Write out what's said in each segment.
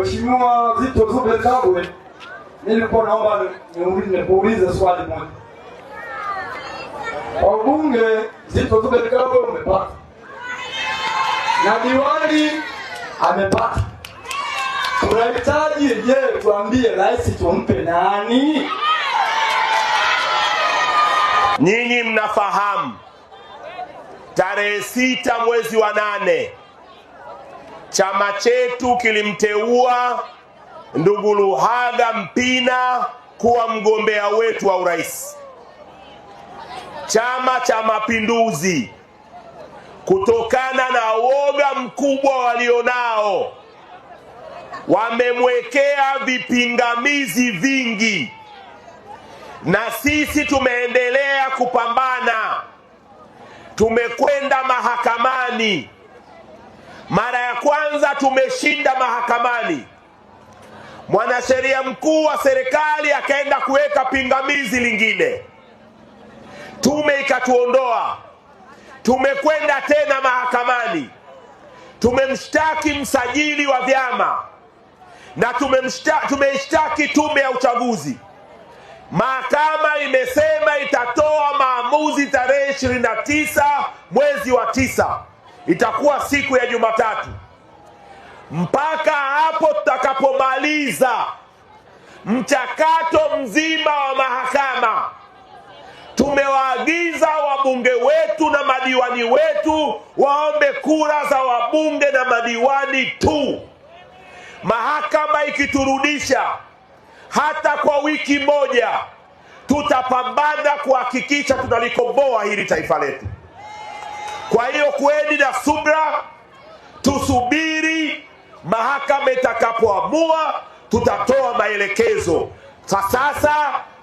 Mheshimiwa Zitto Zube Kabwe, mimi nilikuwa naomba nikuulize swali moja. Kwa ubunge Zitto Zube Kabwe umepata, na diwani amepata, tunahitaji je, tuambie rais tumpe nani? Nyinyi mnafahamu tarehe sita mwezi wa nane Chama chetu kilimteua ndugu Luhaga Mpina kuwa mgombea wetu wa urais. Chama cha Mapinduzi, kutokana na woga mkubwa walionao, wamemwekea vipingamizi vingi, na sisi tumeendelea kupambana, tumekwenda mahakamani mara ya kwanza tumeshinda mahakamani, mwanasheria mkuu wa serikali akaenda kuweka pingamizi lingine, tume ikatuondoa. Tumekwenda tena mahakamani, tumemshtaki msajili wa vyama na tumeishtaki tume ya uchaguzi. Mahakama imesema itatoa maamuzi tarehe 29 mwezi wa tisa itakuwa siku ya Jumatatu mpaka hapo tutakapomaliza mchakato mzima wa mahakama. Tumewaagiza wabunge wetu na madiwani wetu waombe kura za wabunge na madiwani tu. Mahakama ikiturudisha hata kwa wiki moja, tutapambana kuhakikisha tunalikomboa hili taifa letu. Kwa hiyo kuweni na subra, tusubiri mahakama itakapoamua, tutatoa maelekezo. sa sasa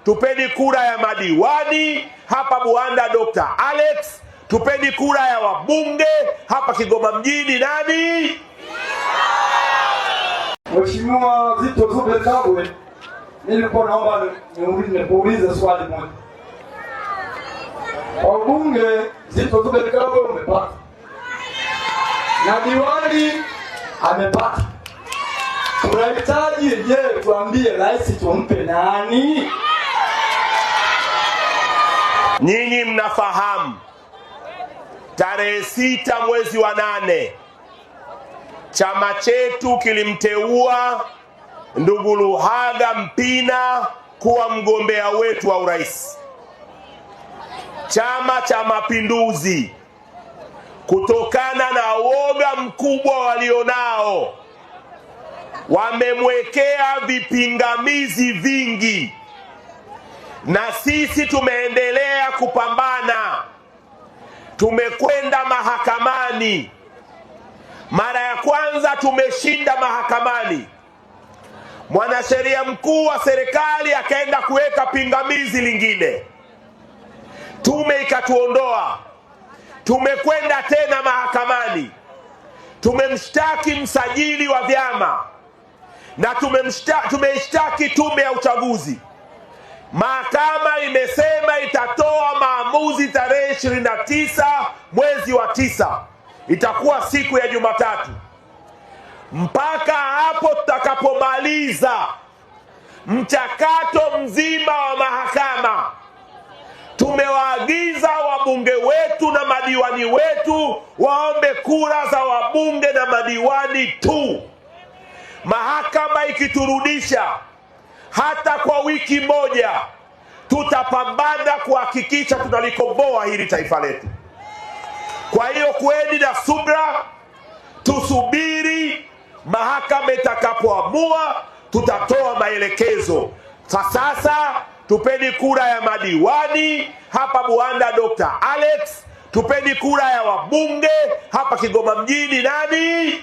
tupeni kura ya madiwani hapa Buhanda, Dr. Alex. Tupeni kura ya wabunge hapa Kigoma mjini, nani? Mheshimiwa Zitto Zube Kabwe, nilikuwa naomba niulize swali moja wabunge zilizozugalikalao umepata na diwani amepata. Tunahitaji je, tuambie rais tumpe nani? Nyinyi mnafahamu tarehe sita mwezi wa nane chama chetu kilimteua ndugu Luhaga Mpina kuwa mgombea wetu wa urais. Chama cha Mapinduzi kutokana na woga mkubwa walionao, wamemwekea vipingamizi vingi, na sisi tumeendelea kupambana, tumekwenda mahakamani. Mara ya kwanza tumeshinda mahakamani, mwanasheria mkuu wa serikali akaenda kuweka pingamizi lingine tume ikatuondoa. Tumekwenda tena mahakamani, tumemshtaki msajili wa vyama na tumeishtaki tume ya uchaguzi. Mahakama imesema itatoa maamuzi tarehe tisa mwezi wa tisa, itakuwa siku ya Jumatatu. Mpaka hapo tutakapomaliza mchakato mzima wa mahakama tumewaagiza wabunge wetu na madiwani wetu waombe kura za wabunge na madiwani tu. Mahakama ikiturudisha hata kwa wiki moja, tutapambana kuhakikisha tunalikomboa hili taifa letu. Kwa hiyo kweni na subra, tusubiri mahakama itakapoamua, tutatoa maelekezo. Sasa tupeni kura ya madiwani hapa Buhanda, Dr. Alex. Tupeni kura ya wabunge hapa Kigoma mjini, nani?